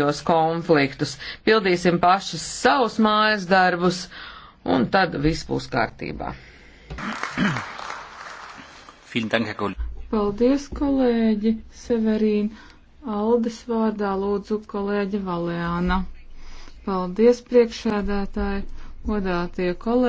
šos konfliktus. Pildīsim pašas savus mājas darbus, un tad viss būs kārtībā. Paldies, kolēģi Severīna. Aldes vārdā lūdzu kolēģi Valēna. Paldies, priekšsēdētāji, godātie kolēģi.